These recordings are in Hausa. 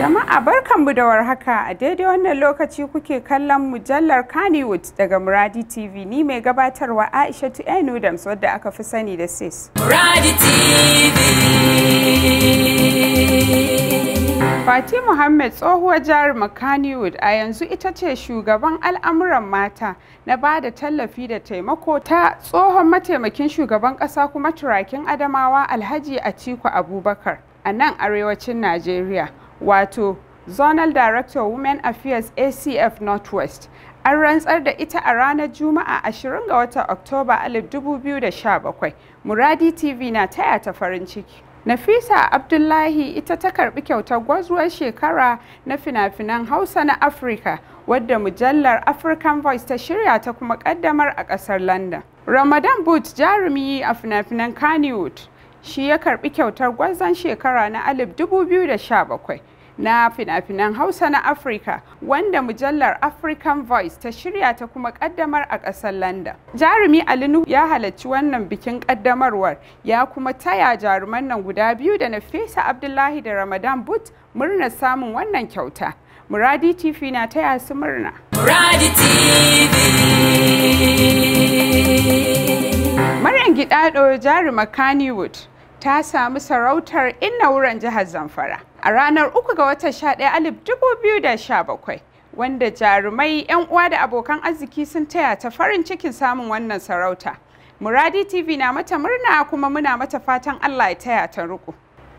Jama'a barkanmu da warhaka a daidai wannan lokaci kuke kallon mujallar Kannywood daga Muradi TV ni mai gabatarwa Aisha Enu wadda aka fi sani da Sis. Muradi TV Fati Muhammad tsohuwar jarumar Kannywood a yanzu ita ce shugaban al'amuran mata na ba da tallafi da taimako ta tsohon mataimakin shugaban ƙasa kuma turakin Adamawa Alhaji Atiku Abubakar a nan arewacin Najeriya wato Zonal Director Women Affairs ACF Northwest an rantsar da ita a ranar Juma'a 20 ga watan Oktoba 2017 Muradi TV na taya ta farin ciki. Nafisa Abdullahi ita ta karɓi kyautar gwazuwar shekara na fina-finan Hausa na Afirka wadda mujallar African Voice ta shirya ta kuma ƙaddamar a ƙasar London. Ramadan Boot jarumi a fina-finan Kannywood shi ya karɓi kyautar gwazon shekara na 2017 na fina-finan Hausa na Afirka wanda mujallar African Voice ta shirya ta kuma ƙaddamar a ƙasar London. Jarumi Alinu ya halarci wannan bikin kaddamarwar ya kuma taya jaruman nan guda biyu da na fesa Abdullahi da Ramadan But murna samun wannan kyauta. Muradi TV na taya su murna. Muradi TV. Maryam Gidado jarumar Kannywood ta samu sarautar inna wuran jihar Zamfara. a ranar 3 ga watan 11 2017 wanda jarumai 'yan uwa da abokan arziki sun taya ta farin cikin samun wannan sarauta. Muradi TV na mata murna kuma muna mata fatan Allah ya taya ta ruku.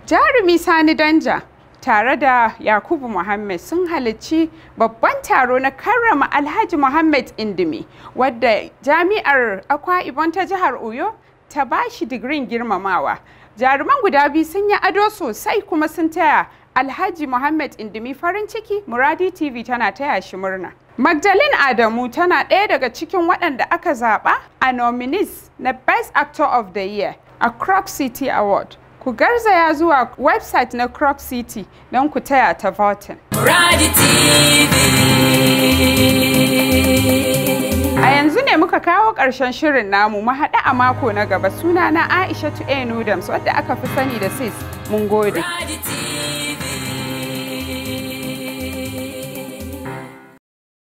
Jarumi Sani Danja tare da Yakubu Muhammad sun halarci babban taro na karrama Alhaji Muhammad Indimi wadda jami'ar Akwa Ibon ta jihar Oyo ta bashi digirin girmamawa. jaruman guda biyu sun yi ado sosai kuma sun taya alhaji muhammad indimi farin ciki muradi tv tana taya shi murna magdalene adamu tana ɗaya daga cikin waɗanda aka zaɓa a nominees na best actor of the year a crop city award ku garzaya zuwa website na crop city don ku taya ta voting muradi tv karshen shirin namu mu a mako na gaba sunana Aisha Tu'enu Dams wadda aka fi sani da sis mun gode.